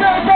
go, go, go!